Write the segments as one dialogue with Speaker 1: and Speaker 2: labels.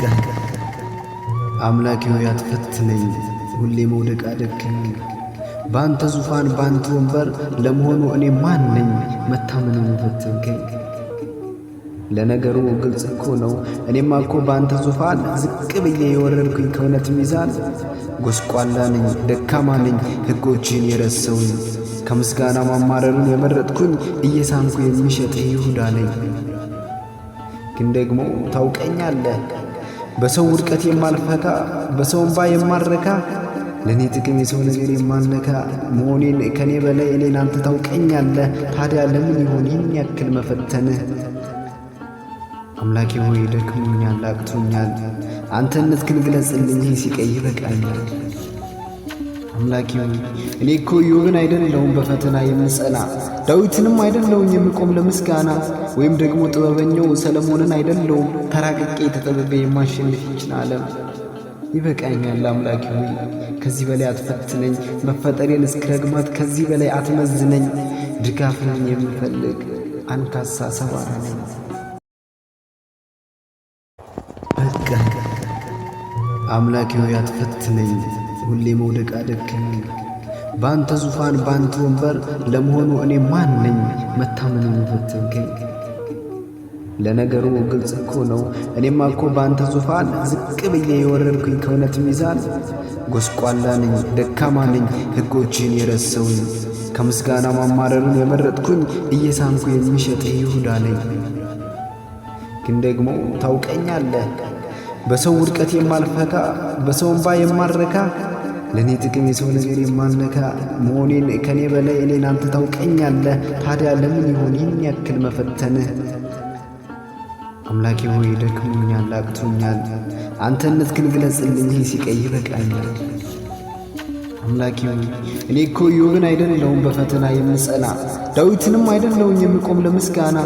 Speaker 1: ቀን አምላኬ ሆይ አትፈትነኝ፣ ሁሌ መውደቅ አደግኝ። በአንተ ዙፋን በአንተ ወንበር ለመሆኑ እኔ ማን ነኝ? መታመን መፈተንከኝ። ለነገሩ ግልጽ እኮ ነው። እኔማ እኮ በአንተ ዙፋን ዝቅ ብዬ የወረድኩኝ ከእውነት ሚዛን ጎስቋላ ነኝ፣ ደካማ ነኝ፣ ሕጎችን የረሰውኝ ከምስጋና ማማረሩን የመረጥኩኝ እየሳምኩ የሚሸጥ ይሁዳ ነኝ። ግን ደግሞ ታውቀኛለህ በሰው ውድቀት የማልፈካ በሰው እምባ የማረካ ለእኔ ጥቅም የሰው ነገር የማነካ መሆኔን ከእኔ በላይ እኔን አንተ ታውቀኛለህ። ታዲያ ለምን ይሆን ይህን ያክል መፈተንህ? አምላኬ ሆይ ደክሞኛል፣ አቅቶኛል። አንተነት ግን ግለጽልኝ፣ ሲቀይ ይበቃኛል። አምላኪ ሆይ እኔ እኮ ኢዮብን አይደለሁም በፈተና የምጸና ዳዊትንም አይደለሁም የምቆም ለምስጋና ወይም ደግሞ ጥበበኛው ሰለሞንን አይደለሁም ተራቅቄ ተጠብቤ የማሸንፍ ይችን ዓለም ይበቃኛል። አምላኪ ሆይ ከዚህ በላይ አትፈትነኝ፣ መፈጠሬን እስከ ከዚህ በላይ አትመዝነኝ። ድጋፍን የምፈልግ አንካሳ ሰባራ ነኝ። በቃ አምላኪ ሆይ አትፈትነኝ። ሁሌ መውደቅ አደረግከኝ። በአንተ ዙፋን በአንተ ወንበር ለመሆኑ እኔ ማን ነኝ? መታመን የሚፈትንከኝ ለነገሩ ግልጽ እኮ ነው። እኔማ እኮ በአንተ ዙፋን ዝቅ ብዬ የወረድኩኝ ከእውነት ሚዛን ጎስቋላ ነኝ፣ ደካማ ነኝ፣ ሕጎችን የረሰውኝ ከምስጋና ማማረርን የመረጥኩኝ እየሳምኩ የሚሸጥ ይሁዳ ነኝ። ግን ደግሞ ታውቀኛለህ በሰው ውድቀት የማልፈካ በሰው እንባ የማልረካ ለእኔ ጥቅም የሰው ነገር የማልነካ መሆኔን ከእኔ በላይ እኔን አንተ ታውቀኛለህ። ታዲያ ለምን ይሆን ይህን ያክል መፈተንህ? አምላኬ ሆይ ደክሞኛል፣ አቅቶኛል። አንተነት ግን ግለጽልኝ፣ ሲቀይ ይበቃኛል። አምላኪ ሆይ እኔ እኮ ኢዮብን አይደለሁም በፈተና የምጸና ዳዊትንም አይደለሁም የምቆም ለምስጋና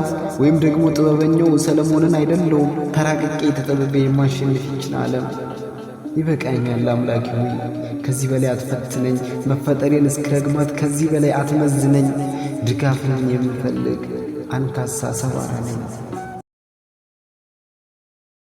Speaker 1: ወይም ደግሞ ጥበበኛው ሰለሞንን አይደለሁም ተራቅቄ ተጠብቤ የማሸንፍ ይችላለም። ይበቃኛል አምላኪ ሆይ ከዚህ በላይ አትፈትነኝ፣ መፈጠሬን እስክረግማት ከዚህ በላይ አትመዝነኝ። ድጋፍን የምፈልግ አንካሳ ሰባራ ነኝ።